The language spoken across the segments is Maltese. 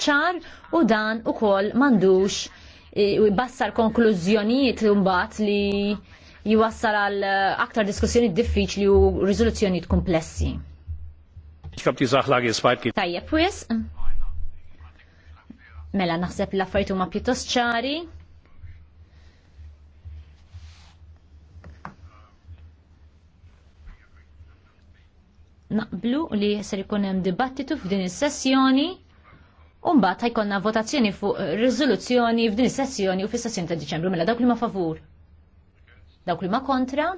ċar u dan ukoll m'għandux e, bassar konklużjonijiet mbagħad li jwassal għal aktar diskussjoni diffiċli u riżoluzzjonijiet komplessi. Tajjeb wis. Mela naħseb l-affarijiet huma pjuttost ċari. naqblu li jessar ikun hemm dibattitu f'din is-sessjoni Umbat ħajkonna votazzjoni fuq eh, rizoluzzjoni f'din is-sessjoni u fis-sessjoni ta' Diċembru mela dawk li ma favur. Dawk li ma kontra.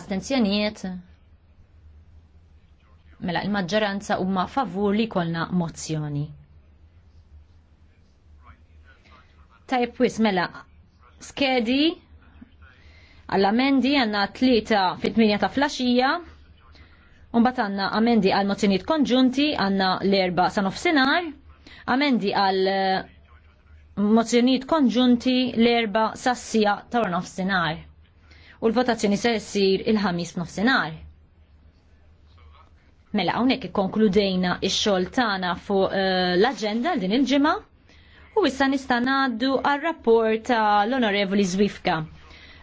Astenzjonijiet. Mela il-maġġoranza huma favur li jkollna mozzjoni. Tajb wis mela skedi għall-amendi għanna tlieta fit-8 ta' flaxija Umbat għanna amendi għal mozzjoniet konġunti, għanna l-erba sa' nofsinar, amendi għal eh, mozzjoniet konġunti l-erba sa' sija ta' nofsinar. U l-votazzjoni se jessir il-ħamis nofsinar. Mela, għonek konkludejna il-xol tana fuq uh, eh, l-agenda din il ġima u issa nistanaddu għal rapport ta' l-onorevoli Zwifka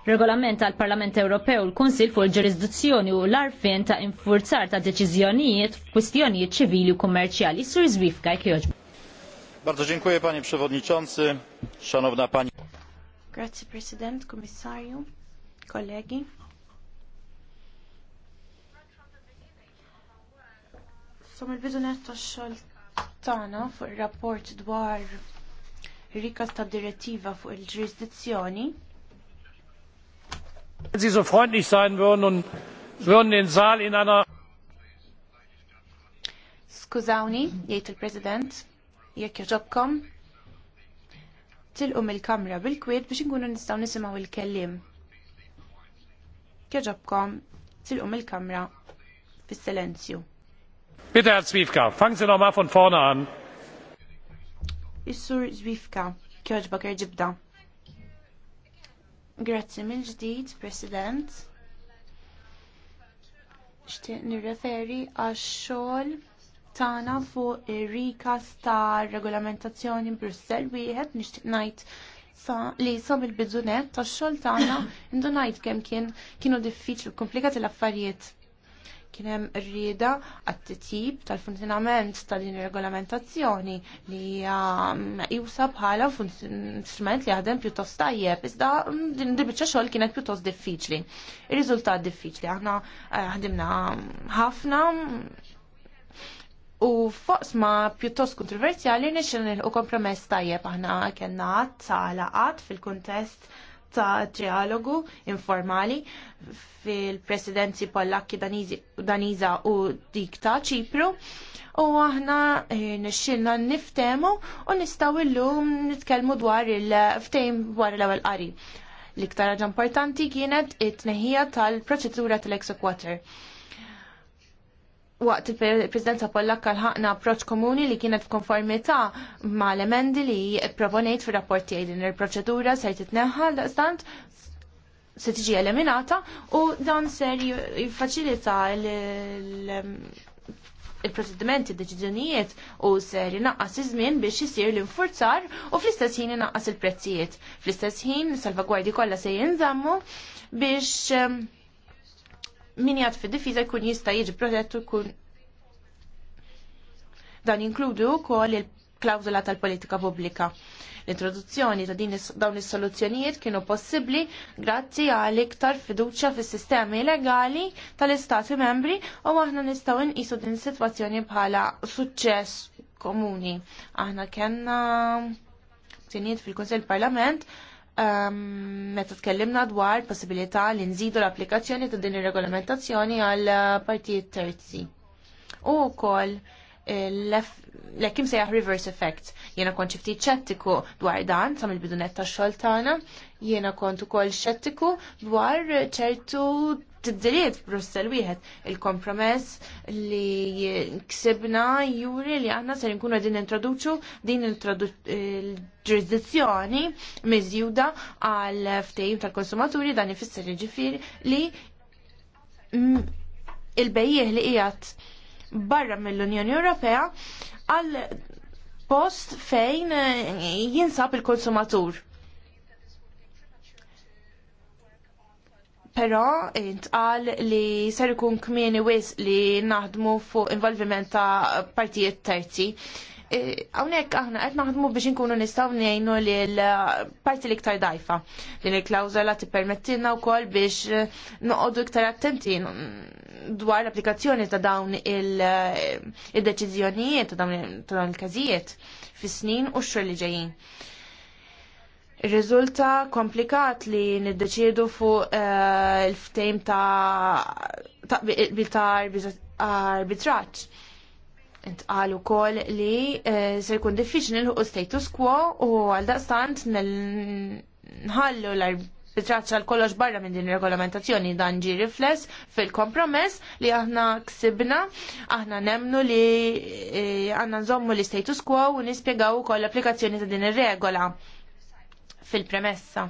regolament tal parlament Ewropew u l-Kunsil fuq il-ġurisdizzjoni u l-arfin ta' infurzar ta' deċiżjonijiet kwistjonijiet ċivili u kummerċjali. Sur Zwifka, jek Bardzo dziękuję panie przewodniczący, szanowna pani. Grazie prezydent, komisarzu, kolegi. Som il bidu netto xol fuq il-rapport dwar rikas ta' direttiva fuq il-ġurisdizzjoni Wenn Sie so freundlich sein würden und würden den Saal in einer Skużawni, jgħid il-President, jekk joġobkom, tilqum il-kamra bil-kwiet biex nkunu nistgħu nisimgħu il-kellim. Kieġobkom, tilqum il-kamra fis-silenzju. Bitte Herr Zwiefka, fangen Sie noch mal von vorne an. Is-sur Zwifka, kjoġbak ġibda. Grazzi mill-ġdid, President. Xtieq nirreferi għax xogħol tagħna fuq ir-rikas ta' regolamentazzjoni Brussell wieħed nixtieq ngħid sa li sam il-bidunet tax xogħol tagħna indunajt kemm kien kienu diffiċli komplikati l-affarijiet Kien hemm rrieda għat-titjib tal-funzjonament tal-din regolamentazzjoni li jusa um, bħala strument li għadem pjuttost tajjeb, iżda mm, din biċċa xogħol kienet pjuttost diffiċli. Ir-riżultat diffiċli aħna eh, ħadimna mm, ħafna mm, U foqs ma pjuttost kontroversjali nixin u kompromess tajjeb aħna kena għadd sala għat fil-kontest ta' trialogu informali fil-presidenzi Pollakki Daniza u dik ta' Ċipru u aħna eh, nixxilna niftemu u nistaw illum nitkellmu dwar il-ftejm dwar l-ewwel qari. L-iktar ħaġa importanti kienet it-tneħija tal-proċedura tal-exequator. tal proċedura tal exequator waqt il-Presidenza Pollakka l-ħakna approċ komuni li kienet f'konformità ma' l-emendi li proponejt fir rapporti tiegħi din il-proċedura ser titneħħal daqstant se tiġi eliminata u dan ser jiffaċilita il procedimenti deċiżjonijiet u ser jinaqqas iż-żmien biex isir l-infurzar u fl-istess ħin il-prezzijiet. Fl-istess ħin salvagwardi kollha se jinżammu biex ehm, min jgħat fi difiża jkun jista' jiġi protettu u jkun dan jinkludu wkoll il klawzula tal-politika pubblika. L-introduzzjoni ta' din dawn is-soluzzjonijiet kienu possibbli grazzi għal iktar fiduċja fis-sistemi legali tal-Istati membri u aħna nistgħu nqisu din is-sitwazzjoni bħala suċċess komuni. Aħna kellna tinijiet fil-Kunsell Parlament meta tkellimna dwar possibilità li nżidu l-applikazzjoni ta' din ir-regolamentazzjoni għal eh, partijiet terzi. U wkoll eh, l-ekim sejjaħ reverse effect. Jena kont ftit ċettiku dwar dan, sa mill bidunet tax xoltana, jena kont ukoll xettiku dwar ċertu tibdiliet Brussel wieħed il-kompromess li ksibna juri li aħna ser nkunu għedin introduċu din il-ġurisdizzjoni miżjuda għal ftejim tal-konsumaturi dan ifisser ġifir li il-bejjieħ li qiegħed barra mill-Unjoni Ewropea għal post fejn jinsab il-konsumatur. Però intqal li ser ikun kmieni wis li naħdmu fuq involviment ta' partijiet terzi. E, hawnhekk aħna qed naħdmu biex inkunu nistgħu ngħinu l parti l-iktar dajfa. Din il-klawżola tippermettilna wkoll biex noqogħdu iktar attenti dwar l-applikazzjoni ta' dawn il-deċiżjonijiet ta' dawn il-każijiet fis-snin u xur li ġejjin. Rizulta komplikat li niddeċiedu fuq eh, il-ftejm ta' arbitraċ intqalu kol li eh, se jkun diffiċli nilħu status quo u għal daqstant nħallu l-arbitraċ għal kollox barra minn din regolamentazzjoni dan ġi rifless fil-kompromess li aħna ksibna, aħna nemnu li eh, aħna nżommu l-status quo u nispiegaw kol l-applikazzjoni ta' din ir-regola fil-premessa.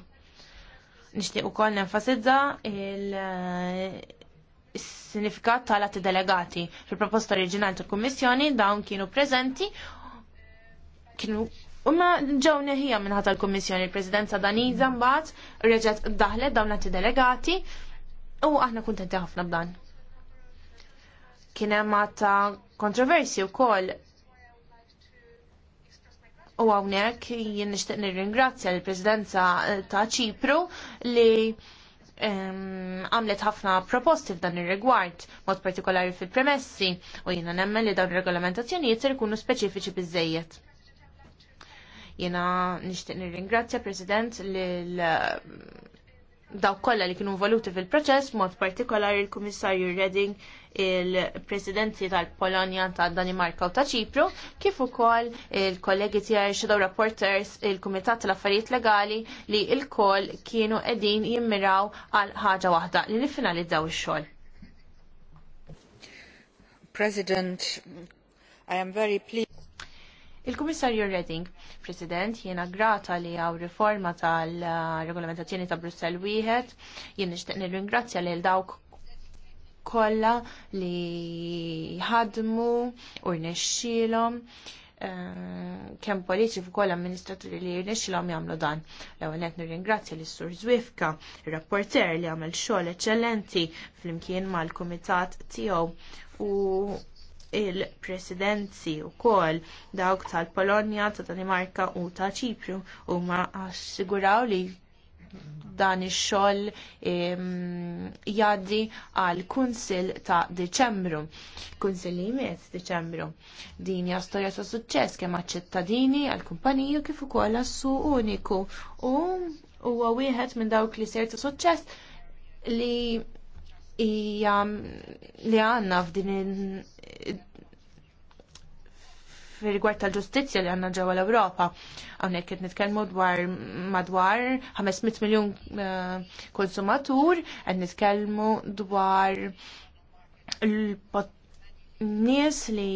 Nixtieq ukoll nenfasizza il-sinifikat eh, tal-atti delegati. Fil-proposta oriġinali tal-Kummissjoni dawn kienu preżenti kienu Umma ġew neħija minn ħata l-Kommissjoni il-Presidenza Daniza mbagħad reġgħet daħlet dawn l-atti delegati u aħna kuntenti ħafna b'dan. Kien hemm ta' kontroversi wkoll U għawnek jien nishtiq nirringrazzja l-Presidenza eh, ta' Ċipru li għamlet ħafna proposti f'dan ir-rigward, mod partikolari fil-premessi, u jiena nemmen li dawn regolamentazzjonijiet ser ikunu speċifiċi biżejjed. Jiena nixtieq nirringrazzja President l dawk kollha li kienu involuti fil-proċess, mod partikolari il-Kummissarju Redding, il-Presidenti tal-Polonja, ta' danimarka u ta' Ċipru, kif ukoll il-kollegi tiegħi Shadow Reporters, il-Kumitat tal-Affarijiet Legali li l-koll kienu qegħdin jimmiraw għal ħaġa waħda li niffinalizzaw ix-xogħol. President, I am very pleased Il-Kummissarju Redding, President, jiena grata li għaw riforma tal-regolamentazzjoni ta' Brussel wieħed, jien nixtieq nirringrazzja lil dawk kollha li ħadmu u rnexxielhom eh, kemm politiċi fuq amministraturi li rnexxielhom jagħmlu dan. L-ewwel qed nirringrazzja lis sur Zwifka, ir-rapporter li għamel xogħol eċċellenti flimkien mal-kumitat tiegħu u il-presidenzi wkoll dawk tal-Polonja, tad Danimarka u ta' Ċipru huma assiguraw li dan ix-xogħol jgħaddi għal kunsil ta' Diċembru. Kunsil li jmiss Diċembru. Din hija storja ta' suċċess kemm għaċ-ċittadini, għall-kumpaniji kif ukoll għas-suq uniku u huwa wieħed minn dawk li ser ta' suċċess li hija li għandna f'din fil-rigward tal-ġustizja li għanna ġewwa l-Ewropa. Hawnhekk qed nitkellmu dwar madwar 500 miljun eh, konsumatur, qed nitkellmu dwar l-pot nies li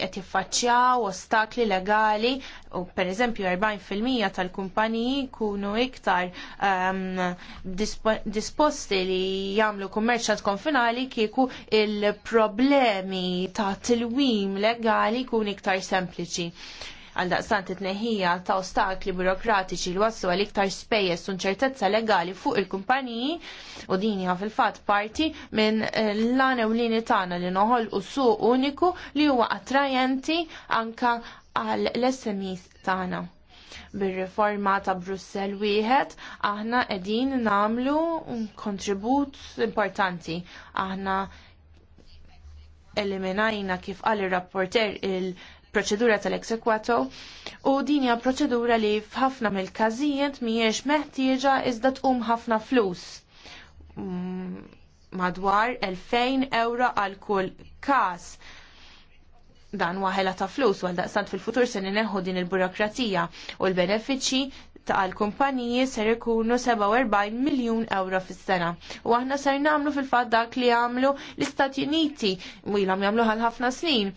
qed jiffaċċjaw ostakli legali u pereżempju 40% tal-kumpaniji jkunu iktar um, disposti li jagħmlu kummerċ konfinali kieku il-problemi ta' tilwim legali jkunu iktar sempliċi għal daqstant it-neħija ta' ostakli burokratiċi li wassu għal iktar spejjeż u ċertezza legali fuq il-kumpaniji u din hija fil-fatt parti minn eh, l-għanewlini tagħna li noħolqu suq uniku li huwa attrajenti anka għal l-SMEs tagħna bir-riforma ta' Brussel wieħed aħna qegħdin nagħmlu kontribut importanti. Aħna eliminajna kif qal ir-rapporter il proċedura tal-eksekwato u din hija proċedura li f'ħafna mill-każijiet mhijiex meħtieġa iżda tqum ħafna flus. Mm, madwar 2000 euro għal kull każ. Dan waħela ta' flus għal daqstant fil-futur se neħu din il-burokratija u l-benefiċċji għal kumpaniji ser ikunu 47 miljun euro fis-sena. U aħna ser nagħmlu fil-fatt dak li għamlu l-Istati Uniti u ilhom jagħmlu għal ħafna snin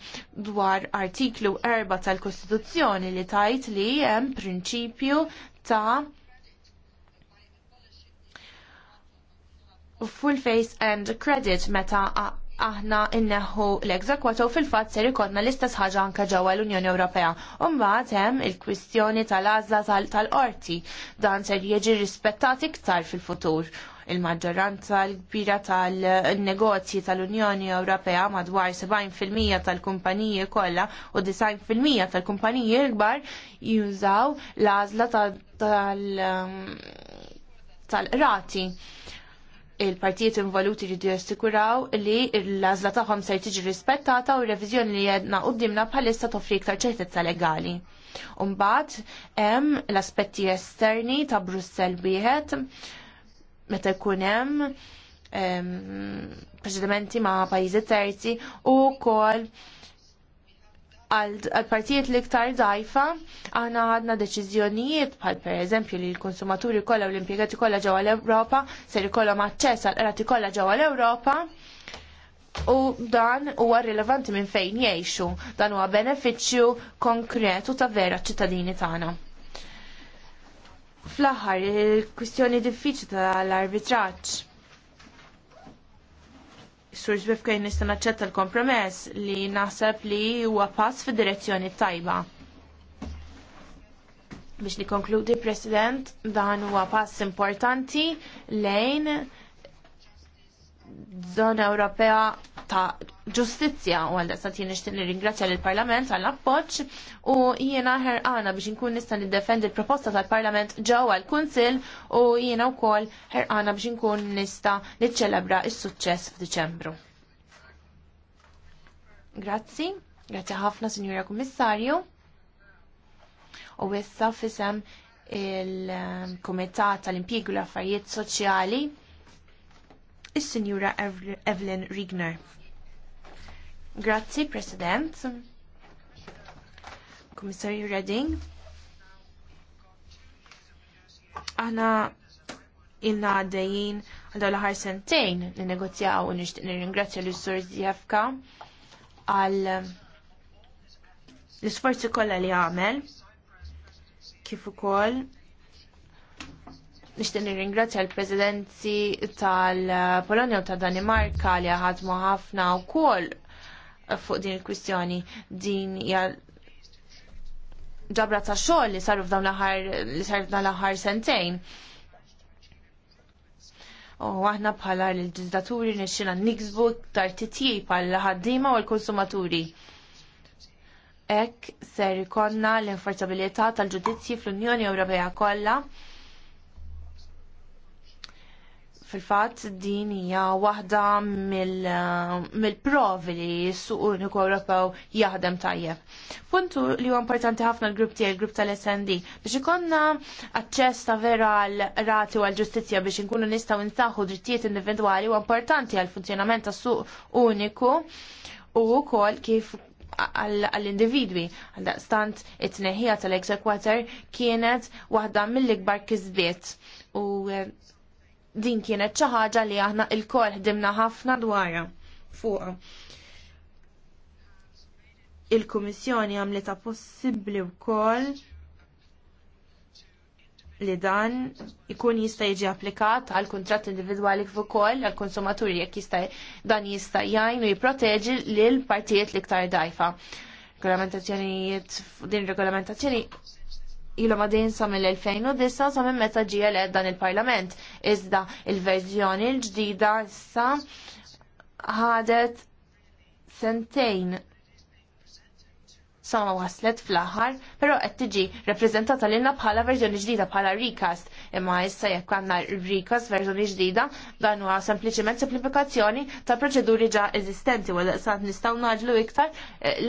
dwar artiklu 4 tal-Kostituzzjoni li tajt li hemm prinċipju ta' full face and credit meta aħna inneħu l-egzekwato fil-fat ser ikonna l-istess ħaġa anka ġewwa l-Unjoni Ewropea. Umbagħad hemm il-kwistjoni tal-għażla tal-qorti dan ser jiġi rispettat iktar fil-futur il-maġġoranza l-kbira tal-negozji tal-Unjoni Ewropea madwar 70% tal-kumpaniji kollha u 90% tal-kumpaniji l-kbar jużaw l-għażla um, tal-rati. Tal il-partijiet involuti jridu jassikuraw li l-għazla tagħhom ser tiġi rispettata u r-reviżjoni li jedna qudiemna bħalissa toffri iktar ċertezza legali. Umbat, hemm l-aspetti esterni ta' Brussell wieħed meta jkun hemm ma' pajjiżi terzi u wkoll għal partijiet li ktar dajfa, għana għadna deċizjonijiet bħal per eżempju li l-konsumaturi kollha u l-impjegati kollha ġewwa l-Ewropa ser ikollhom aċċess għal qrati kollha ġewwa l-Ewropa. U dan huwa rilevanti minn fejn jgħixu, dan huwa benefiċċju konkretu ta' vera ċittadini tagħna. Fl-aħħar, il-kwistjoni diffiċli tal-arbitraġġ Sur Zvifka nista' naċċetta l-kompromess li naħseb li huwa pass fid-direzzjoni tajba. Biex nikonkludi, President, dan huwa pass importanti lejn zona Ewropea ta' ġustizja u għal daqsat jien nixtieq nirringrazzja lill parlament għall appoġġ u jiena ħerqana biex inkun nista' niddefendi l-proposta tal-Parlament ġewwa l-Kunsill u jiena wkoll ħerqana biex inkun nista' niċċelebra s-suċċess f'Diċembru. Grazzi, grazzi ħafna Sinjura Kummissarju. U issa fisem il-Kumitat tal-Impjiegu l-Affarijiet Soċjali is-Sinjura Evelyn Rigner. Grazzi, President. Komissarju Redding. Aħna ilna għaddejjin għal dawla ħar sentejn li negozjaw u nixtieq nirringrazzja l-Sur Zjefka għal l-isforzi kollha li għamel kif ukoll Nishtin nirringrazzja l-prezidenzi tal-Polonja u tal-Danimarka li ħadmu ħafna u kol fuq din il-kwistjoni din hija ġabra ta' xogħol li saru f'dawn l-aħħar li saru f'dawn l-aħħar sentejn. U aħna bħala l-ġizdaturi nixxina niksbu tar titjib għal ħaddiema u l-konsumaturi. Ek ser ikonna l-infortabilità tal-ġudizzji fl-Unjoni Ewropea kollha Fil-fatt din hija waħda uh, mill-provi li s-suq uniku Ewropew jaħdem tajjeb. Puntu li huwa importanti ħafna l-grupp tiegħi, l-grupp tal-SND, biex ikonna aċċess ta' vera għal rati u għal ġustizzja biex inkunu nistgħu nsaħħu drittijiet individwali huwa importanti għal funzjonament tas-suq uniku u wkoll kif għall-individwi. Għal-daqstant, it tneħija tal exequator kienet waħda mill-ikbar kizbiet. U eh, din kienet xi ħaġa li aħna l-kol ħdimna ħafna dwarha fuqha. Il-Kummissjoni għamlita possibbli wkoll li dan ikun jista' jiġi applikat għal kuntratt individwali kif ukoll għal konsumaturi jekk jista' dan jista' jgħin u jipproteġi lil partijiet l-iktar dajfa. Regolamentazzjonijiet din regolamentazzjoni ilu madin sa mill-2009 sa minn meta ġie l dan il-parlament. Iżda il-verżjoni l-ġdida issa ħadet sentejn sa ma waslet fl-aħħar, però qed tiġi rappreżentata lilna bħala verżjoni ġdida bħala recast. Imma issa jekk għandna recast verżjoni ġdida, dan huwa sempliċement simplifikazzjoni ta' proċeduri ġa eżistenti wala sa nistgħu naġlu iktar eh,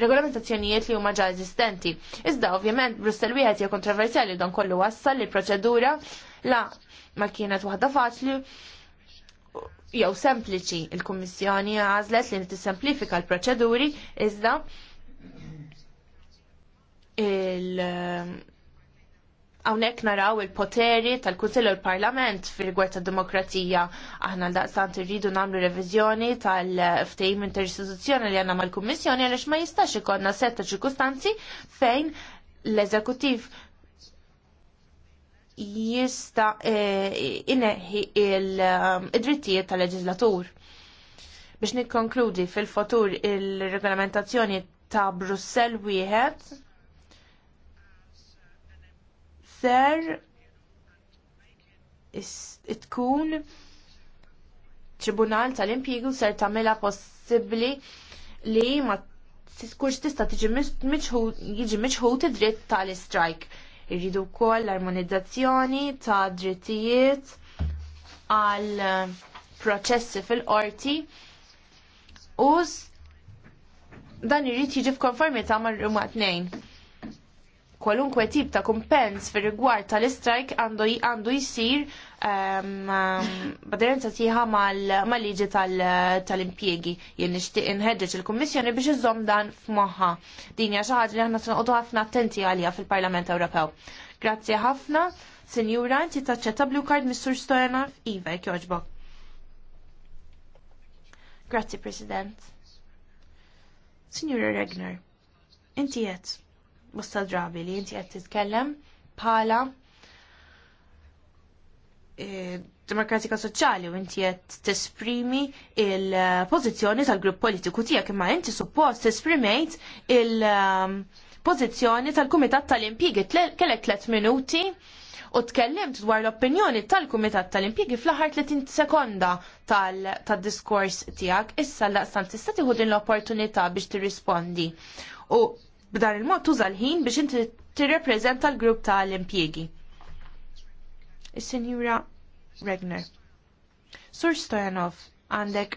regolamentazzjonijiet li huma ġa eżistenti. Iżda ovvjament Brussel wieħed hija kontroversjali dan kollu wassal li proċedura la ma kienet waħda faċli jew sempliċi il-Kummissjoni għażlet li tissemplifika l-proċeduri iżda il għawnek eh, naraw il-poteri tal-Kunsill u l-Parlament fi rigward tad demokrazija aħna l-daqstant irridu namlu revizjoni tal-ftejim interistituzzjoni li għanna mal-Kummissjoni għalix ma jistax ikonna setta ċirkustanzi fejn l-eżekutiv jista eh, inneħi il-drittijiet eh, tal-leġislatur. Biex nikkonkludi fil-futur il-regolamentazzjoni ta' Brussell wieħed ser tkun tribunal tal-impjiegu ser tagħmilha possibbli li ma tkunx tista' tiġi jiġi miċħud id-dritt tal istrajk Irridu wkoll l-armonizzazzjoni ta' drittijiet għal proċessi fil-qorti u dan irrit jiġi f'konformità mar-ruma tnejn. Kwalunkwe tip ta' kumpens fir rigward tal-istrajk għandu jisir ehm, ehm, baderenza tiħa mal-liġi tal-impjegi. Jien nixtieq inħeġġeġ il-Kummissjoni biex iżomm dan f'moħħa. Din hija xi ħaġa li aħna tinqodu ħafna attenti għalija fil-Parlament Ewropew. Grazzi ħafna, Sinjura, inti taċċetta blue card Mr. Stojanov, Iva, jogħġbok. Grazzi, President. Signora Regner, inti jett, bosta drabi li inti jett titkellem bħala eh, demokratika soċjali u inti t-esprimi il-pożizzjoni tal-grupp politiku tiegħek imma inti suppost t-esprimejt il-pożizzjoni eh, tal-Kumitat tal-Impjiegi kellek tliet minuti u tkellimt dwar l-opinjoni tal-Kumitat tal impjiegi fl-aħħar 30 sekonda tal-diskors tiegħek. Issa l tista' tieħu din l-opportunità biex tirrispondi. U b'dan il-mod tuża l-ħin biex inti tirrepreżenta l-grupp tal impjiegi Is-Sinjura Regner. Sur Stojanov, għandek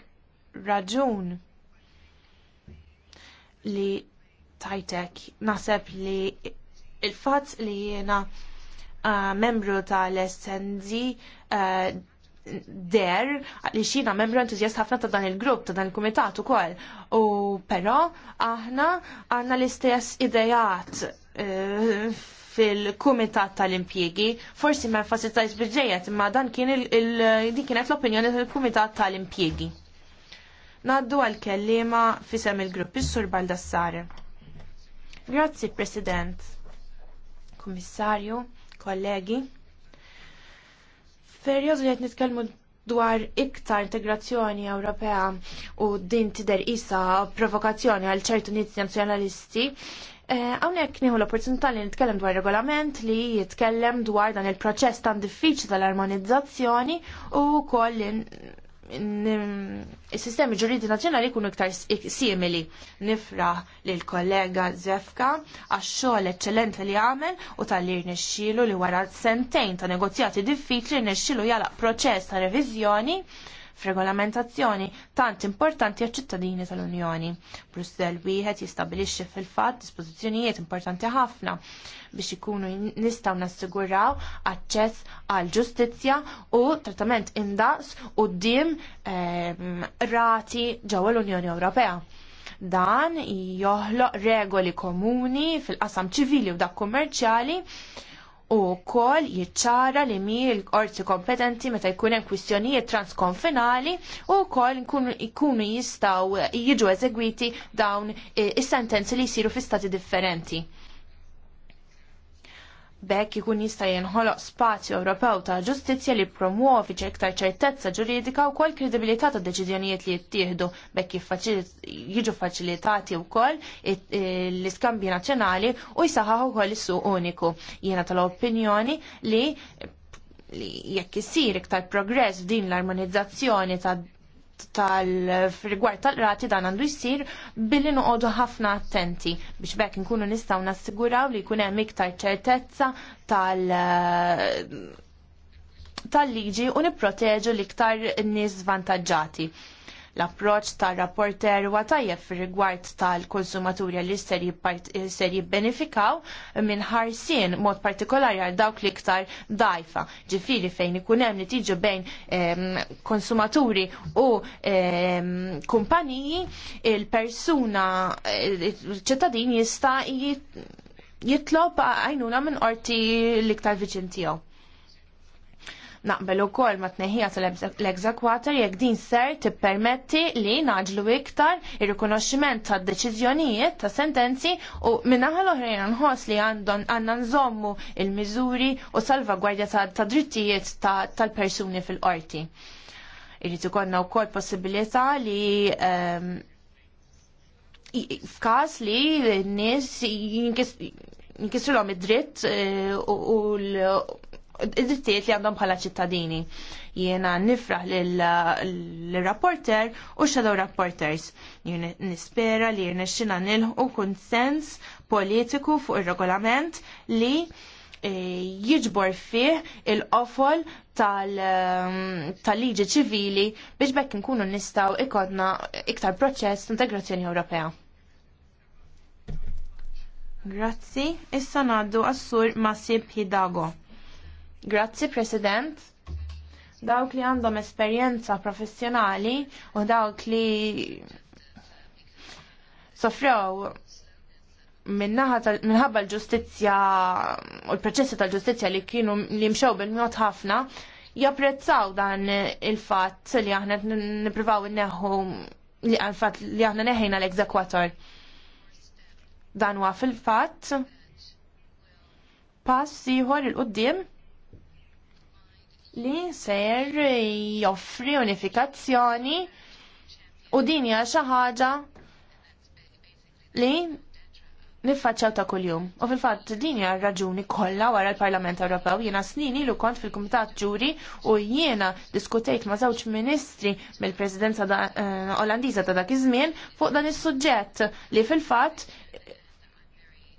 raġun li tajtek naħseb li il-fatt li jena uh, membru tal snz uh, eh, der li xina membru entuzjast ħafna ta' dan il-grupp, ta' dan il-kumitat u kol. U pero aħna għanna l-istess idejat eh, fil-kumitat tal-impjegi, forsi ma' fasitajs bieġejet, imma dan kien il-din kienet l-opinjoni tal-kumitat tal-impjegi. Naddu għal-kellima fisem il-grupp, il-sur Baldassare. Grazzi, President. Kummissarju kollegi. Ferjoż li qed nitkellmu dwar iktar integrazzjoni Ewropea u din tidher isa provokazzjoni għal ċertu nizzi nazjonalisti, Għawnek eh, nieħu l-opportunità li nitkellem dwar regolament li jitkellem dwar dan il-proċess tan diffiċli tal-armonizzazzjoni u koll il-sistemi ġuridi nazjonali kunu iktar simili. nifra li l-kollega Zefka għax xogħol eċċellenti li għamel u tal lir rnexxielu li wara sentejn ta' negozjati diffiċli rnexxielu jalaq proċess ta' reviżjoni f'regolamentazzjoni tant importanti għal ċittadini tal-Unjoni. Brussell wieħed jistabilixxi fil-fatt dispożizzjonijiet importanti ħafna biex ikunu nistgħu nassiguraw aċċess għal ġustizzja u trattament indaqs u ddim ehm, rati ġewwa l-Unjoni Ewropea dan joħloq regoli komuni fil-qasam ċivili u dak kummerċjali u kol jiċċara li mi l-qorti kompetenti meta jkun hemm kwistjonijiet transkonfinali u kol jkunu jistaw jiġu eżegwiti dawn eh, is-sentenzi li jsiru fi stati differenti. Bekk ikun jista' jinħoloq spazju Ewropew ta' ġustizzja li promuovi ċektar ċertezza ġuridika u kol kredibilità ta' deċiżjonijiet li jittieħdu bekk jiġu faċilitati wkoll eh, l-iskambji nazzjonali u jsaħħaħ ukoll is-suq uniku. Jiena tal-opinjoni li li jekk isir iktar progress din l-armonizzazzjoni ta' tal-rigward tal-rati dan għandu jisir billi noqogħdu ħafna attenti biex bekk nkunu nistgħu nassiguraw li jkun hemm iktar ċertezza tal- tal-liġi u nipproteġu l-iktar nies vantaġġati. L-approċ tal-rapporter huwa tajjeb fir-rigward tal-konsumaturi li ser jibbenefikaw minn ħarsien mod partikolari għal dawk li iktar dajfa. Ġifiri fejn ikun hemm li tiġu bejn ehm, konsumaturi u ehm, kumpaniji il-persuna ċittadin jista' jitlob għajnuna minn qorti l-iktar viċin tiegħu. Naqbel ukoll ma tneħħija tal-exekwator jekk din ser tippermetti li naġlu iktar ir-rikonoxximent tad-deċiżjonijiet ta' sentenzi u minnaħa l-oħrajn nħoss li għandhom għandna nżommu il-miżuri u salvagwardja ta' drittijiet tal-persuni fil-qorti. Irrid ikollna wkoll possibilità li ehm, f'każ li n-nies jinkisru l-om id-dritt eh, u l id-dittijiet li għandhom bħala ċittadini. Jiena nifraħ l-rapporter u shadow rapporters. Jiena nispera li jiena xina nilħu konsens politiku fuq il-regolament li eh, jiġbor fih il-qofol eh, tal-liġi ċivili biex bekk nkunu nistaw ikodna iktar proċess integrazzjoni Ewropea. Grazzi, issa naddu għassur Masib Hidago. Grazzi, President. Dawk li għandhom esperjenza professjonali u dawk li sofrew minħabba l-ġustizja u l-proċessi tal-ġustizja li kienu li mxew bil-mjot ħafna japprezzaw dan il-fatt li aħna nipprivaw neħu li għal-fatt li aħna neħejna l-ekzekwator. Dan għaf fil-fatt pass ieħor il-qudiem li ser joffri unifikazzjoni u din hija xi ħaġa li niffaċċjaw ta' kuljum. U fil-fatt din hija raġuni kollha wara l-Parlament Ewropew. Jiena snin ilu kont fil-Kumitat Ġuri u jiena diskutejt ma' żewġ ministri mill-Presidenza eh, Olandiża ta' dak iż-żmien fuq dan is-suġġett li fil-fatt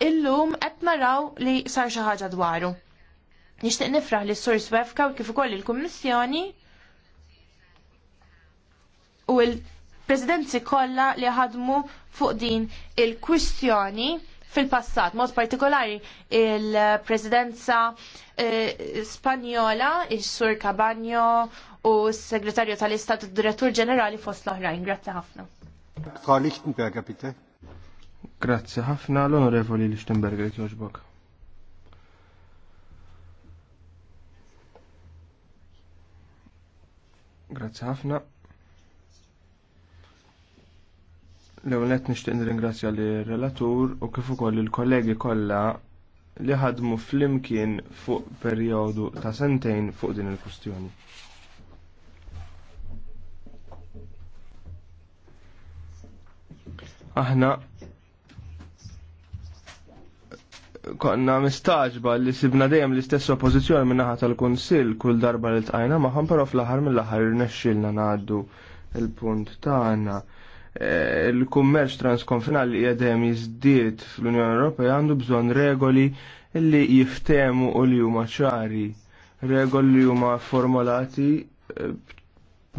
illum qed naraw li sar xi ħaġa dwaru. Nixtieq nifraħ li s-Sur Swefka u kif ukoll il-Kummissjoni u l-Presidenzi kollha li ħadmu fuq din il-kwistjoni fil-passat, mod partikolari il-presidenza eh, spanjola, il-sur Cabagno u s-segretarju tal-Istat direttur ġenerali fost l-oħrajn. Grazie ħafna. Frau Lichtenberger, bitte. Grazie ħafna l-onorevoli Lichtenberger, kjoġbok. Grazzi ħafna. L-ewwel nishtiq nir-ingrazzja li relatur u kif ukoll il-kollegi kollha li ħadmu flimkien fuq perjodu ta' sentejn fuq din il-kustjoni. Aħna konna mistaġba li sibna dejjem l-istess oppożizzjoni min-naħa tal-Kunsill kull darba li tqajna magħhom però fl-aħħar mill-aħħar irnexxilna ngħaddu il-punt tagħna. E, il-kummerċ transkonfinali qiegħed dejjem jiżdied fl-Unjoni Ewropea għandu bżonn regoli li jiftemu u li huma ċari. Regoli li huma formulati e,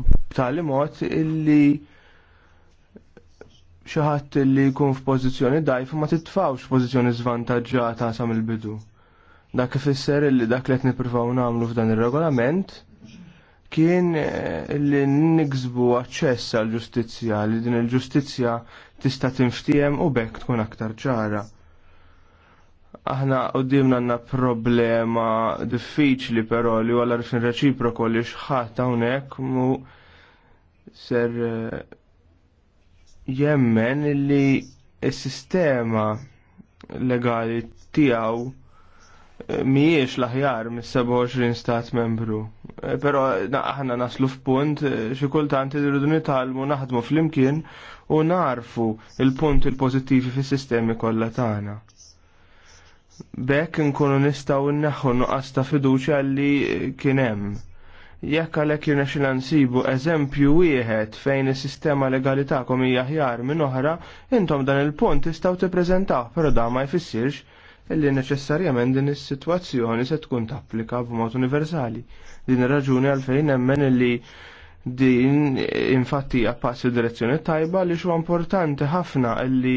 b'tali mod illi xaħat ħadd li jkun f'pożizzjoni dajf ma titfawx pozizjoni zvantagġata sa mill-bidu. Dak ifisser li dak li qed nippruvaw nagħmlu f'dan ir-regolament kien eh, li niksbu aċċess għal ġustizzja li din il-ġustizzja tista' tinftiem u bekk tkun aktar ċara. Aħna qoddimna għandna problema diffiċli però li wara rifin reċiproko li xħat hawnhekk mu ser eh, jemmen li s-sistema legali tijaw eh, miex laħjar mis-27 stat membru. Eh, pero aħna naslu f'punt eh, xi kultant irridu nitalmu naħdmu fl-imkien u narfu il-punt il-pożittivi fis-sistemi kollha tagħna. Bekk nkunu nistgħu nneħħu nuqqas ta' fiduċja li kien hemm Jekk għalhekk jirnexxilha nsibu eżempju wieħed fejn is-sistema legali tagħkom hija aħjar minn oħra, intom dan il-punt tistgħu tippreżentaw, però da ma jfissirx illi neċessarjament din is-sitwazzjoni se tkun tapplika b'mod universali. Din ir-raġuni għalfejn nemmen illi din infatti għappassi direzzjoni tajba li xo importanti ħafna illi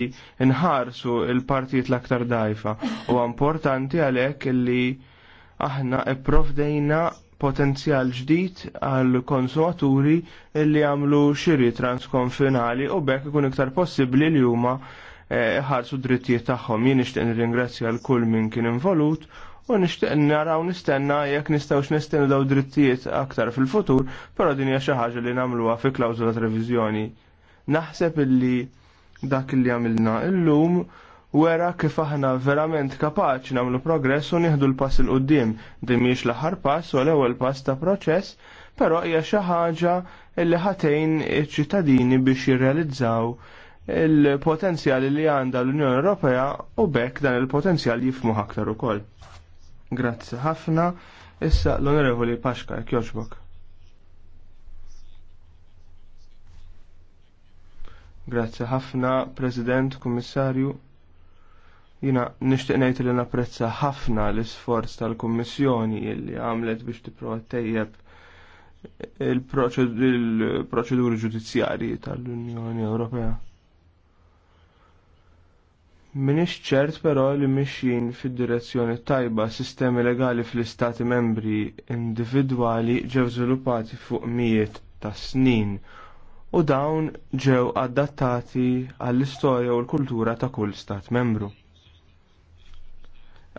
nħarsu il-partijiet l-aktar dajfa u importanti għalek illi aħna ipprovdejna potenzjal ġdid għal konsumaturi li għamlu xiri transkonfinali u bekk ikun iktar possibbli li huma eh, ħarsu drittijiet tagħhom. Jien nixtieq nirringrazzja l kull min kien involut u nixtieq naraw nistenna jekk nistgħux nistennu daw drittijiet aktar fil-futur, però din hija xi ħaġa li nagħmluha fi klawżola reviżjoni. Naħseb illi dak li għamilna illum wera kif aħna verament kapaċi nagħmlu progress u nieħdu l-pass il qudiem din mhix l-aħħar pass u l-ewwel pass ta' proċess, però hija xi ħaġa li ħatejn iċ-ċittadini biex jirrealizzaw il-potenzjali li għandha l-Unjoni Ewropea u bekk dan il-potenzjal jifmu aktar ukoll. Grazzi ħafna. Issa l-Onorevoli Paxka, kjoġbok. Grazzi ħafna, President, Kummissarju. Jina nishtiq ngħid li napprezza ħafna l-isforz tal-Kummissjoni li għamlet biex tipprova tejjeb il-proċeduri ġudizzjarji tal-Unjoni Ewropea. Minix ċert però li mixjin fid-direzzjoni tajba sistemi legali fl-istati membri individwali ġew żviluppati fuq mijiet ta' snin u dawn ġew adattati għall-istorja u l-kultura ta' kull stat membru.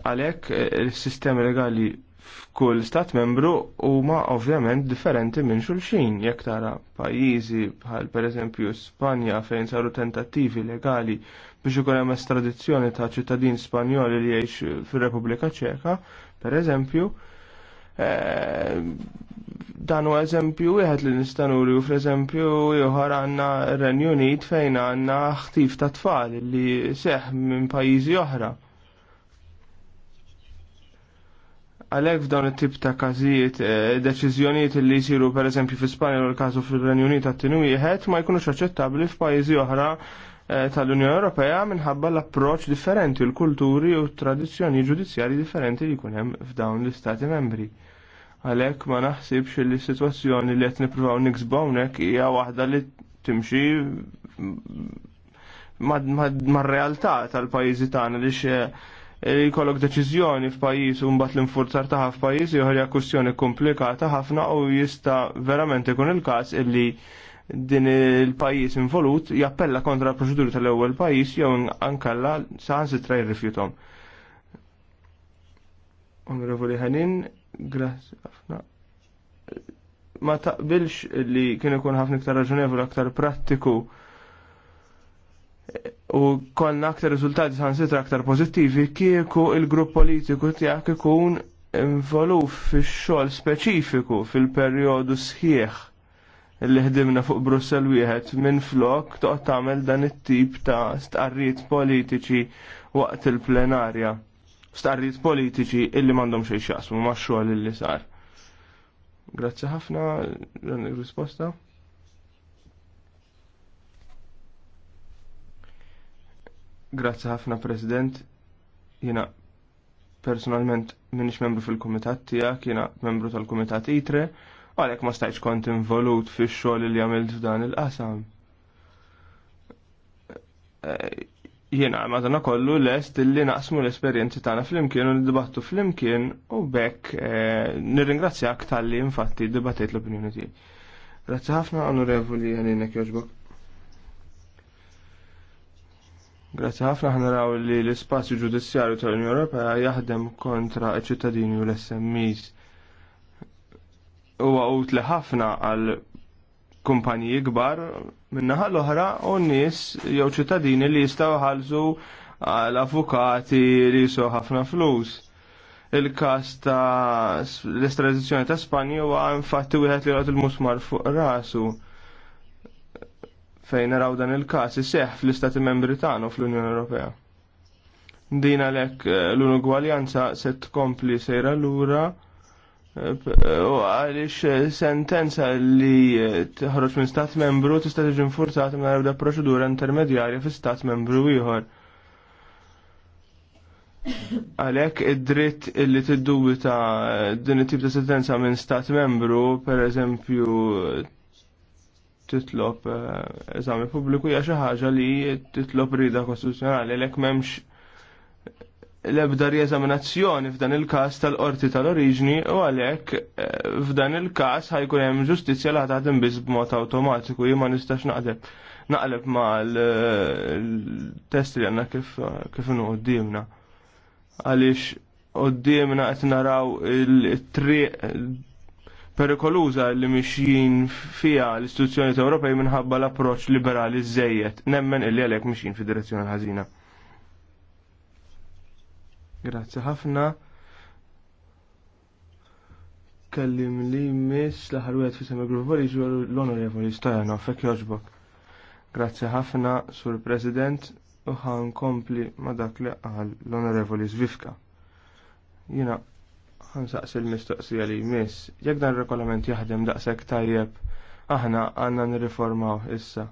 Għalhekk eh, il-sistemi legali f'kull stat membru huma ovvjament differenti minn xulxin jekk tara pajjiżi bħal pereżempju Spanja fejn saru tentattivi legali biex ikun hemm estradizzjoni ta' ċittadin Spanjoli li jgħix fir-Repubblika Ċeka, pereżempju, eh, dan huwa eżempju wieħed li nista' nuri u f'eżempju ieħor għandna r-Renju Unit fejn għandna ħtif ta' tfal li seħ minn pajjiżi oħra Għalek f'dawn it-tip ta' każijiet, eh, deċiżjonijiet li jsiru pereżempju fi Spanja u l-każu fil-Renju Unit għat-tinu wieħed ma jkunux aċċettabbli f'pajjiżi oħra eh, tal-Unjoni Ewropea minħabba l-approċ differenti u l-kulturi u tradizzjoni ġudizzjali differenti li jkun hemm f'dawn l-Istati membri. Għalek ma naħsibx li s-sitwazzjoni li qed nippruvaw niksbu hija waħda li timxi mar-realtà tal-pajjiżi tagħna li E, jkollok deċiżjoni f'pajjiż u mbagħad l-infurzar taħ f'pajjiż ieħor hija kwistjoni komplikata ħafna u jista' verament ikun il-każ illi din il-pajjiż involut jappella kontra l-proċeduri tal-ewwel pajjiż jew ankalla saħansitra jirrifjutom. Onorevoli Ħanin, grazzi ħafna. Ma taqbilx li kien ikun ħafna iktar raġunevoli aktar prattiku u konna aktar riżultati sitra aktar pozittivi kieku il-grupp politiku tiegħek ikun involuf fix-xogħol speċifiku fil-perjodu sħiħ li ħdimna fuq Brussel wieħed minn flok toqgħod tagħmel dan it-tip ta' stqarrijiet politiċi waqt il-plenarja. Stqarrijiet politiċi illi m'għandhom xejn x'jaqsmu max-xogħol illi sar. Grazzi ħafna dan ir-risposta. Grazzi ħafna President, jina personalment minix membru fil-komitat tijak, jina membru tal-komitat ITRE, għalek ma stajċ kont involut fi xogħol li għamilt f'dan il-qasam. E, Jena madana kollu lest li naqsmu l-esperienzi tagħna fl-imkien u l-dibattu fl-imkien u bekk e, nirringrazzjak tal-li infatti dibattiet l-opinjoni tiegħi. Grazzi ħafna onorevoli għalinek kjoġbok. Grazzi ħafna ħna raw li l-ispazju ġudizzjarju tal-Unjoni Ewropea jaħdem kontra ċ-ċittadini u l-SMEs. Huwa utli ħafna għal kumpaniji kbar minnaħa l-oħra u nies jew ċittadini li jistgħu ħalsu għal avukati li jisu ħafna flus. Il-kas ta' l-estradizjoni ta' Spanja huwa infatti wieħed li għad il-musmar fuq rasu fejn naraw dan il-każ iseħħ fl-Istati Membri tagħna fl-Unjoni Ewropea. Din għalhekk eh, l-unugwaljanza se tkompli sejra lura eh, eh, u għaliex sentenza li tħroġ minn stat membru tista' tiġi infurzata minn ebda proċedura intermedjarja fi stat membru ieħor. Għalek id-dritt illi tiddubita din it-tip ta' sentenza minn stat membru, per eżempju, titlob eh, eżami pubbliku hija xi ħaġa li titlob rida kostituzzjonali lek m'hemmx l-ebda rieżaminazzjoni f'dan il-każ tal-qorti tal-oriġni u għalhekk eh, f'dan il-każ ħajkun hemm ġustizzja li ħataħdem biss b'mod awtomatiku jien ma nistax naqdeb naqleb ma eh, l-test li għanna kif kif qoddimna. Għaliex qoddimna qed naraw il-triq perikoluża li mixjin fija l-istituzzjonijiet Ewropej minħabba l-approċ liberali żejjed nemmen illi għalhekk miexin fi direzzjoni ħażina. Grazzi ħafna. Kellim li miss l-aħħar wieħed fi semmi grupp voli l-onorevoli Stojanov, fekk joġbok. Grazzi ħafna, Sur President, u ħankompli ma dak li qal l-onorevoli Zvifka. Jina nsaqs il-mistoqsija li jmiss, jekk dan regolament jaħdem daqshekk tajjeb, aħna għandna nirriformaw issa.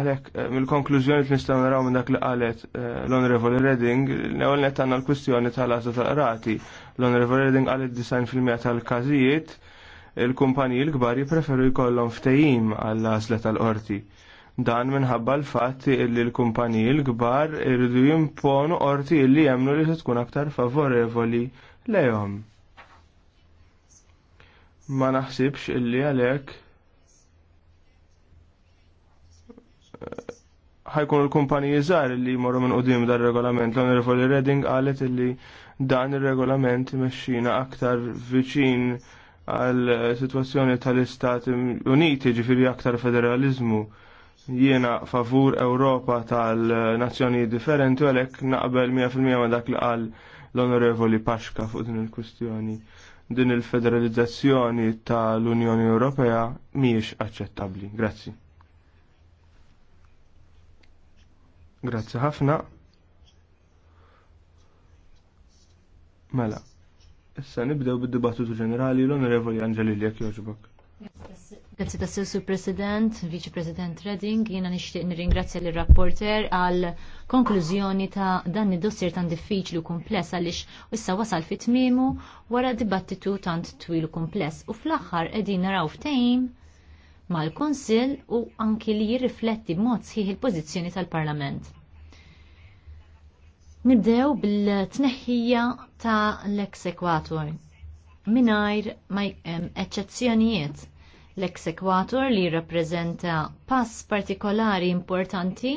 Għalek, eh, mill-konklużjoni t-nistaw naraw minn dak li għalet eh, l-Honorable Redding, l-ewel net għanna l-kwistjoni tal għazza tal-qrati. L-Honorable Redding għalet mija tal-kazijiet, il-kumpaniji l-kbar jipreferu jkollhom ftejim għall-għazla tal-qorti. Dan minħabba l-fatt li l-kumpaniji l-kbar irridu jimponu qorti illi jemnu li se tkun aktar favorevoli lejhom. Ma naħsibx illi għalhekk eh, ħajkun l-kumpaniji żgħar li jmorru minn qudiem dar regolament l-Onorevoli Redding qalet illi dan ir-regolament imexxina aktar viċin għal sitwazzjoni tal-Istati Uniti ġifiri aktar federalizmu jiena favur Ewropa tal-nazzjoni differenti u għalhekk naqbel 100% ma' dak li qal l-Onorevoli Paxka fuq din il-kwistjoni. Din il-federalizzazzjoni tal-Unjoni Ewropea mhijiex aċċettabbli. Grazzi. Grazzi ħafna. Mela, issa nibdew bid-dibattitu ġenerali l-Onorevoli Angelilli jekk jogħġbok. Grazie ta' sew President, Vice President Redding, jiena nixtieq nirringrazzja lir rapporter għal konklużjoni ta' dan id-dossier tan diffiċli u kumpless għaliex issa wasal fit mimu wara dibattitu tant twil u kumpless u fl-aħħar qegħdin naraw ftehim mal-Kunsill u anki li jirrifletti b'mod sħiħ il-pożizzjoni tal-Parlament. Nibdew bil-tneħħija ta' l-eksekwator mingħajr ma' eċċezzjonijiet L-eksekwator li rappreżenta pass partikolari importanti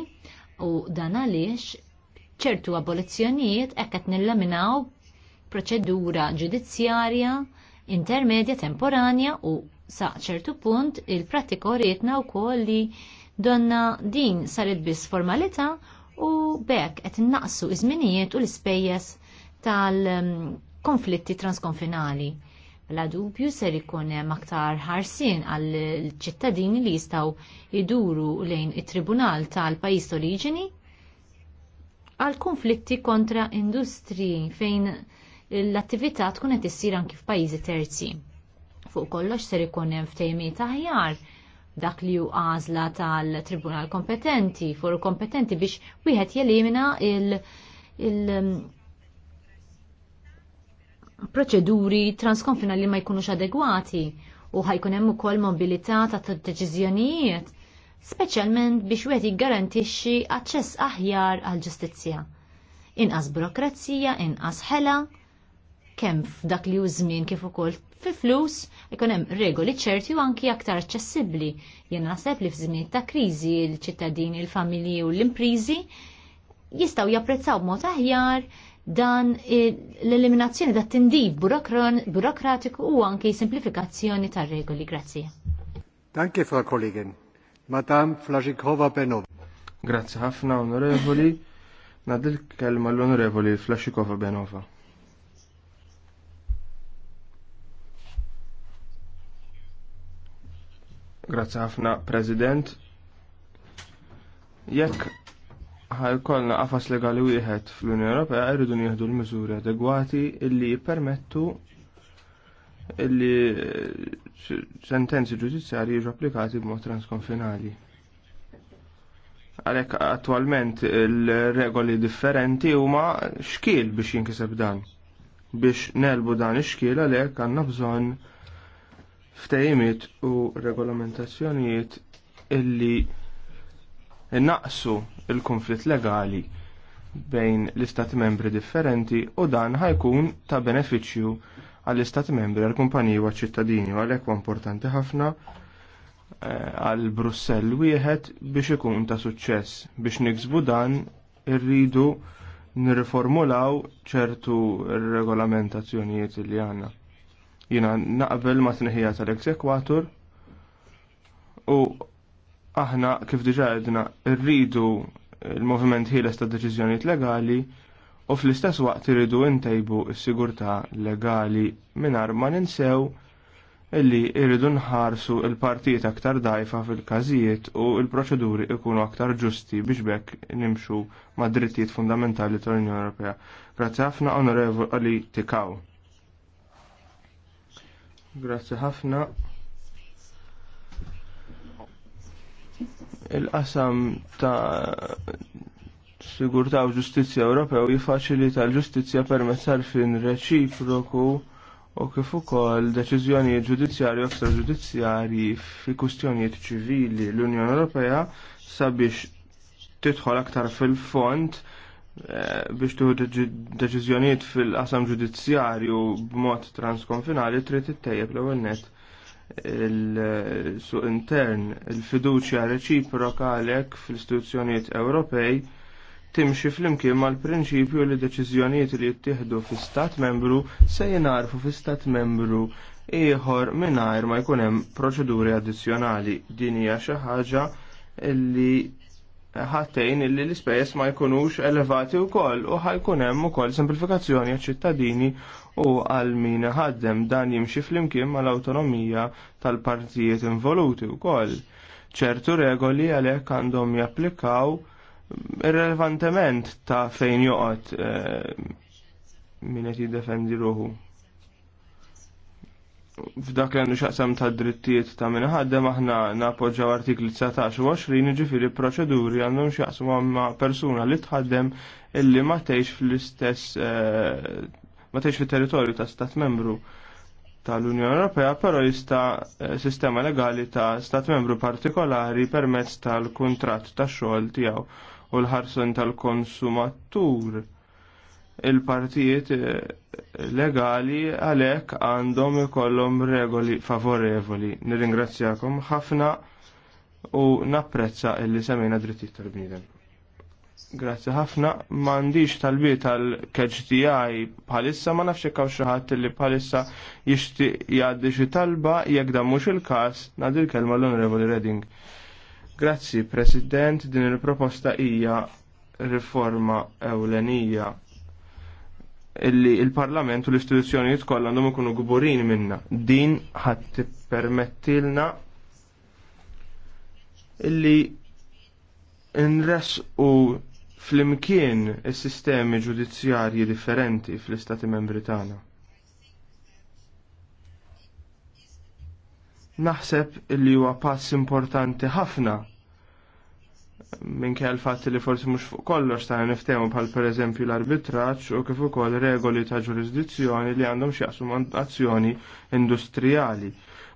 u dan għaliex ċertu abolizzjonijiet hekk qed nillaminaw proċedura ġudizzjarja intermedja temporanja u sa ċertu punt il-pratika rietna wkoll li donna din saret biss formalità u bekk qed innaqsu iż-żminijiet u l-ispejjeż tal-konflitti mm, transkonfinali. Bla dubju ser ikun hemm aktar ħarsien għal ċittadini li jistgħu iduru lejn it-tribunal tal-pajjiż t-oriġini għal konflitti kontra industri fejn l-attività tkun qed issir anki f'pajjiżi terzi. Fuq kollox ser ikun hemm ftejmiet aħjar dak li hu għażla tal-tribunal kompetenti, foru kompetenti biex wieħed jelimina il-, il proċeduri transkonfina li ma jkunux adegwati u ħajkun hemm ukoll mobilità ta' deċiżjonijiet, speċjalment biex wieħed jiggarantixxi aċċess aħjar għal ġustizzja. Inqas burokrazija, inqas ħela, kemm f'dak li hu żmien kif ukoll fi flus, ikun hemm regoli ċerti u anki aktar aċċessibbli. Jien naħseb li f'żmien ta' kriżi l-ċittadini, l-familji u l-imprizi jistgħu japprezzaw b'mod aħjar dan l-eliminazzjoni dat tindib burokratiku u anke simplifikazzjoni tar regoli. Grazie. Danke, Frau Kollegin. Madam Flashikova Benova. Grazzi ħafna, onorevoli. Nadil kelma l-onorevoli Flashikova Benova. Grazzi ħafna, President. Jekk ħajkollna qafas legali wieħed fl-Unjoni Ewropea jridu nieħdu l-miżuri adegwati illi jippermettu illi sentenzi ġudizzjarji jiġu applikati b'mod transkonfinali. Għalhekk attwalment il-regoli differenti huma xkiel biex jinkiseb dan. Biex nelbu dan ix-xkiel għalhekk għandna bżonn ftehimiet u regolamentazzjonijiet illi naqsu il-konflitt legali bejn l-istati membri differenti u dan ħajkun ta' beneficju għall-istati membri għall-kumpaniji u għal ċittadini u għalhekk importanti ħafna eh, għal Brussell wieħed biex ikun ta' suċċess. Biex niksbu dan irridu nirriformulaw ċertu regolamentazzjonijiet li għanna. Jina naqbel ma tneħija tal-eksekwatur u aħna kif diġa għedna rridu il-moviment ħieles ta' deċiżjonijiet legali u fl-istess waqt irridu ntejbu s-sigurtà legali mingħajr ma ninsew illi irridu nħarsu il-partijiet aktar dajfa fil-każijiet u il-proċeduri ikunu aktar ġusti biex bekk nimxu ma' drittijiet fundamentali tal-Unjoni Ewropea. Grazzi ħafna onorevoli Tikaw. Grazzi ħafna. il-qasam ta' Sigurta' u ġustizzja Ewropew jiffaċilita l-ġustizzja permezz għalfin reċiproku u kif ukoll deċiżjoni ġudizzjarji u ekstraġudizzjarji fi kwistjonijiet ċivili l-Unjoni Ewropea sabiex tidħol aktar fil-fond eh, biex tuħu deċiżjonijiet fil-qasam ġudizzjarju b'mod transkonfinali trid ittejjeb l-ewwel net il-suq intern, il-fiduċja reċiproka għalhekk fl-istituzzjonijiet Ewropej timxi flimkien mal-prinċipju li deċiżjonijiet li jittieħdu fi stat membru se jingħarfu fi stat membru ieħor mingħajr ma jkun hemm proċeduri addizzjonali. Din hija xi ħaġa li ħattejn illi l-ispejjeż ma jkunux elevati wkoll u ħajkun hemm ukoll simplifikazzjoni għaċ-ċittadini u għal min ħaddem dan jimxi flimkien mal-autonomija tal-partijiet involuti wkoll. ċertu regoli għalhekk għandhom japplikaw irrelevantement ta' fejn joqgħod eh, min qed jiddefendi ruħu. F'dak li għandu xaqsam ta' drittijiet ta' minn ħaddem aħna napoġġaw artikli 19 u 20 ġifiri proċeduri għandhom xaqsam ma' persuna li tħaddem illi ma tgħix fl-istess eh, ma tex fit-territorju ta' stat membru tal-Unjoni Ewropea, però jista' eh, sistema legali ta' stat membru partikolari permezz tal-kuntratt ta' xogħol tiegħu u l-ħarsun tal-konsumatur. Il-partijiet eh, legali għalhekk għandhom ikollhom regoli favorevoli. Nirringrazzjakom ħafna u napprezza illi semejna drittijiet tal-bniedem. Grazzi ħafna, mandiġ talbiet tal kgti bħalissa ma nafx kaw xaħat li bħalissa jishti jaddi xi talba jekk dan mhux il-każ ngħaddi kelma l honorable Redding. Grazzi, President, din il-proposta hija riforma ewlenija illi il-Parlament u l istituzzjoni kollha għandhom ikunu gburin minna. Din ħadd tippermettilna illi nres u flimkien is-sistemi ġudizzjarji differenti fl-Istati Membri tagħna. Naħseb li huwa pass importanti ħafna minn kell fatt li forsi mhux fuq kollox ta' niftehmu bħal pereżempju l-arbitraġġ u kif ukoll regoli ta' ġurisdizzjoni li għandhom x'jaqsmu azzjoni industrijali.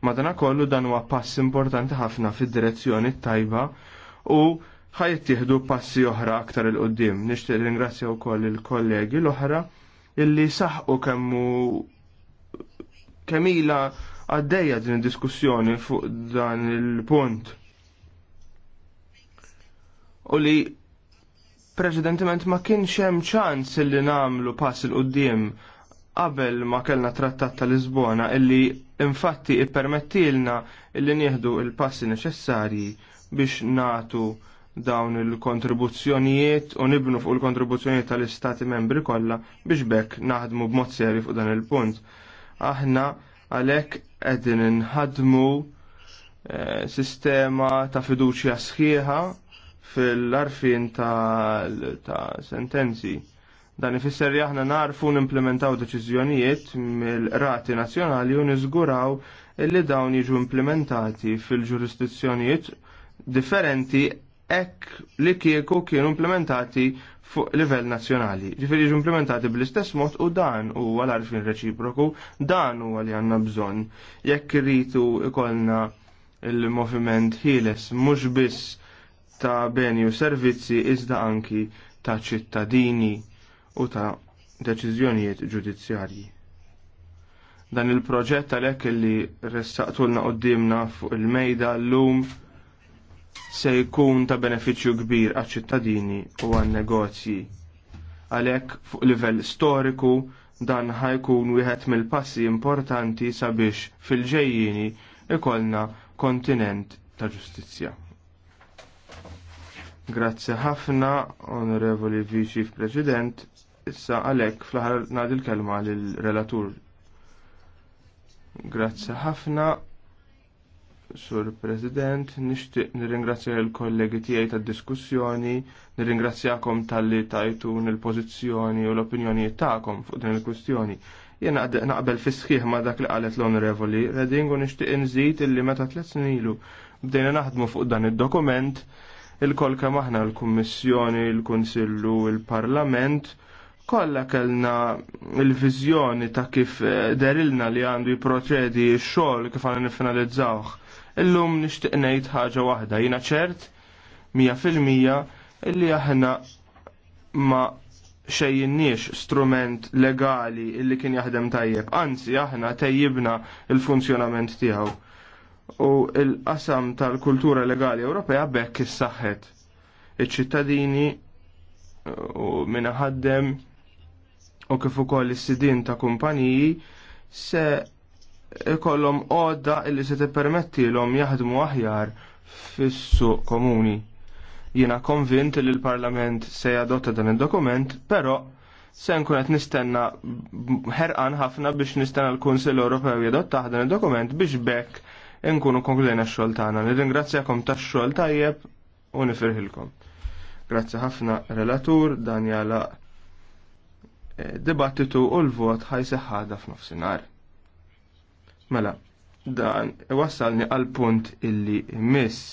Madanakollu dan huwa pass importanti ħafna fid-direzzjoni tajba u ħajt passi oħra aktar il-qoddim. Nishtiq ringrazzja wkoll il-kollegi l-oħra illi saħqu kemmu kemila għaddejja din diskussjoni fuq dan il-punt. U li preċedentement ma kienx hemm ċans illi namlu pass il qoddim qabel ma kellna trattat ta' Lisbona illi infatti ippermettilna illi nieħdu il-passi neċessarji biex natu dawn il-kontribuzzjonijiet u nibnu fuq il-kontribuzzjonijiet tal-istati membri kollha biex bekk naħdmu b'mod seri fuq dan il-punt. Aħna għalhekk qegħdin inħadmu eh, sistema ta' fiduċja sħiħa fil-arfin ta', sentenzi. Dan ifisser li aħna narfu n-implementaw deċiżjonijiet mill-rati nazzjonali u niżguraw illi dawn jiġu implementati fil-ġurisdizzjonijiet differenti hekk li kieku kienu implementati fuq livell nazzjonali. Ġifiri ġu implementati bl-istess mod u dan u għal-arfin reċiproku, dan u għal għanna bżonn. Jekk rritu ikolna il-moviment ħieles mhux biss ta' beni u servizzi iżda anki ta' ċittadini u ta' deċiżjonijiet ġudizzjarji. Dan il-proġett għalhekk li ressaqtulna qoddimna fuq il-mejda l-lum se jkun ta' benefiċċju kbir għaċ-ċittadini u għan-negozji. Għalhekk fuq livell storiku dan ħajkun wieħed mill-passi importanti sabiex fil-ġejjini ikollna kontinent ta' ġustizzja. Grazzi ħafna, Onorevoli Viċi President, issa għalek fl-ħar nadi l-kelma lill relatur Grazzi ħafna, Sur President, nixtieq nirringrazzja l-kollegi tiegħi tad-diskussjoni, nirringrazzjakom tal-li tajtu il-pożizzjoni u l-opinjonijiet tagħkom fuq din il-kwistjoni. Jien naqbel fi sħiħ ma' dak li qalet l-Onorevoli Reding u nixtieq inżid illi meta tliet snilu bdejna naħdmu fuq dan id-dokument il-kol kemm aħna l-Kummissjoni, l-Kunsillu, il-Parlament kollha kellna l-viżjoni ta' kif derilna li għandu jipproċedi x-xogħol kif għandna nifinalizzawh Illum nixtieq ngħid ħaġa waħda jiena ċert mija fil-mija illi aħna ma xejjinniex strument legali illi kien jaħdem tajjeb, anzi aħna tejjibna il-funzjonament tiegħu. U il-qasam tal-kultura legali Ewropea bekk is-saħħet. Iċ-ċittadini u minna ħaddem u kif ukoll is-sidin ta' kumpaniji se ikollhom għodda illi se tippermettilhom jaħdmu aħjar fis-suq komuni. Jiena konvint li l-Parlament se jadotta dan id-dokument, però se nkun qed nistenna ħerqan ħafna biex nistenna l-Kunsill Ewropew jadotta dan id-dokument biex bekk nkunu konkludejna x-xogħol tagħna. Nirringrazzjakom tax-xogħol tajjeb u nifirħilkom. Grazzi ħafna relatur Danjala eh, dibattitu u l-vot ħajseħħada f'nofsinhar. Mela, dan wassalni għal punt illi miss